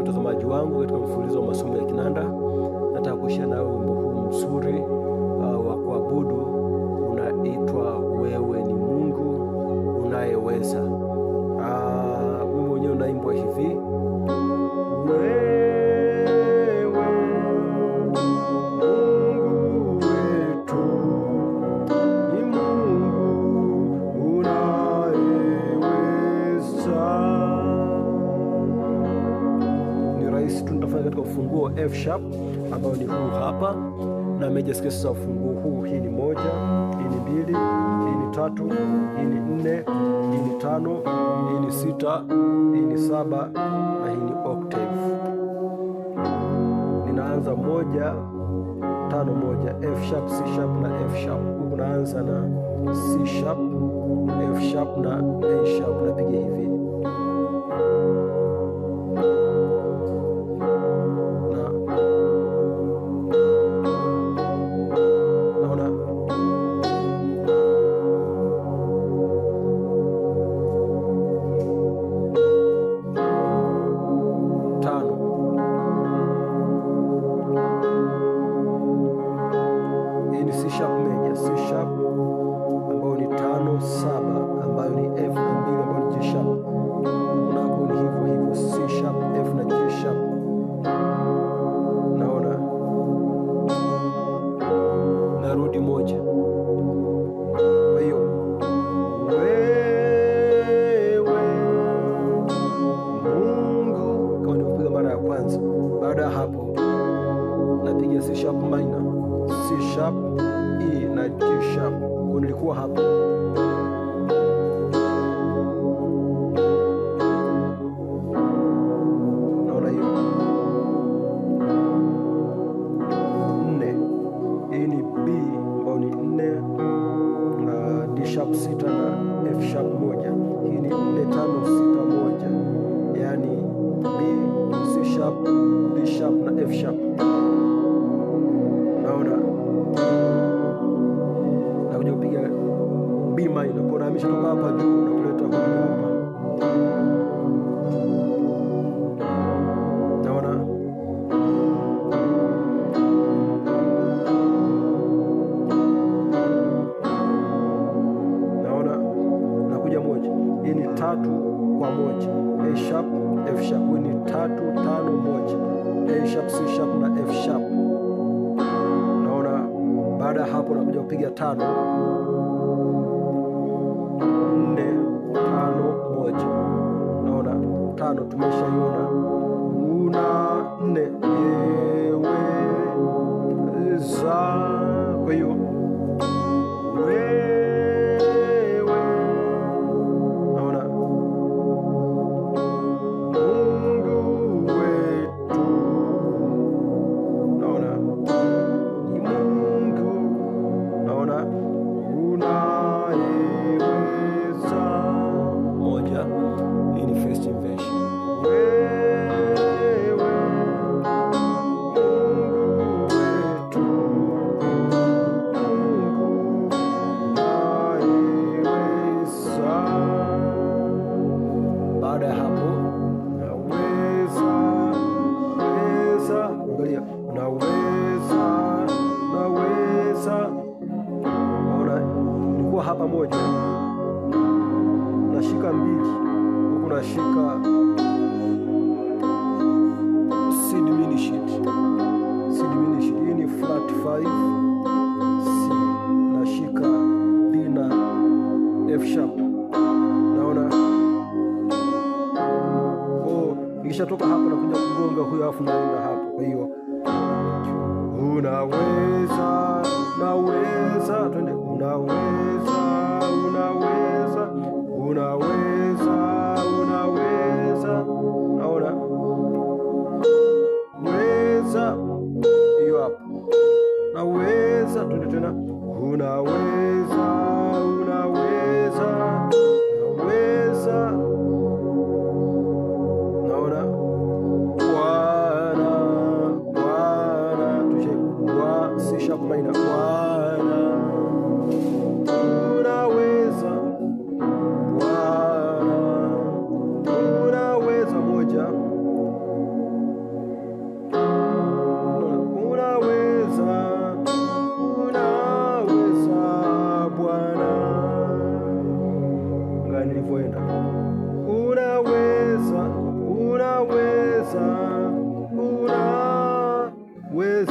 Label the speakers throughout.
Speaker 1: utazamaji wangu katika mfululizo wa masomo ya kinanda. Nataka kuishia nawe wimbo huu mzuri uh, wa kuabudu rahisi tu nitafanya katika ufunguo F sharp ambao ni huu hapa, na major scales za ufunguo huu. Hii ni moja, hii ni mbili, hii ni tatu, hii ni nne, hii ni tano, hii ni sita, hii ni saba na hii ni octave. Ninaanza moja tano moja, F sharp, C sharp na F sharp. Huku naanza na C sharp, F sharp na A sharp, napiga hivi
Speaker 2: mara ya kwanza. Baada ya hapo, napiga C sharp minor, C sharp, E na G sharp. Nilikuwa hapo.
Speaker 1: F sharp. Naona nakuja kupiga B minor, kwa nahamisha toka hapa juu na kuleta hapa. Naona naona nakuja moja, hii ni tatu kwa moja, A sharp F sharp, hii ni tatu tano moja A sharp, C sharp na F sharp. Naona baada ya hapo nakuja kupiga tano nne tano moja. Naona tano tumeshaiona
Speaker 2: una nne za kwa hiyo baada ya hapo naweza, naweza, angalia, naweza, naweza.
Speaker 1: nikuwa hapa moja, nashika mbili huku nashika C diminished, C diminished. Hii ni flat 5 ukishatoka hapo nakuja kugonga huyo, afu naenda hapo. Kwa hiyo
Speaker 2: unaweza, naweza, twende, unaweza, unaweza, unaweza With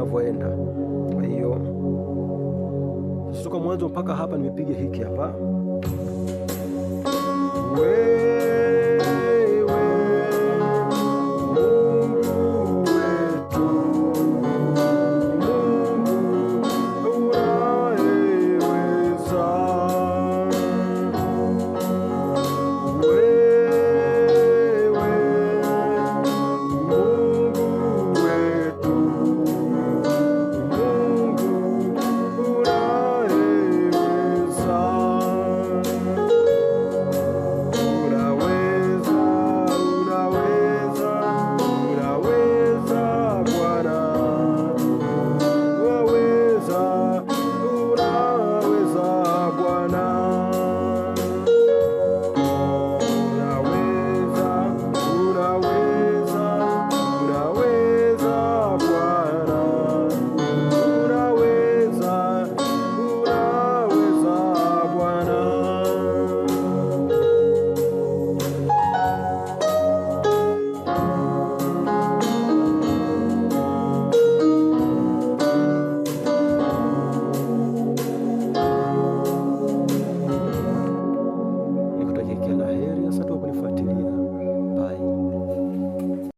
Speaker 1: inavyoenda. Kwa hiyo kutoka mwanzo mpaka hapa nimepiga hiki hapa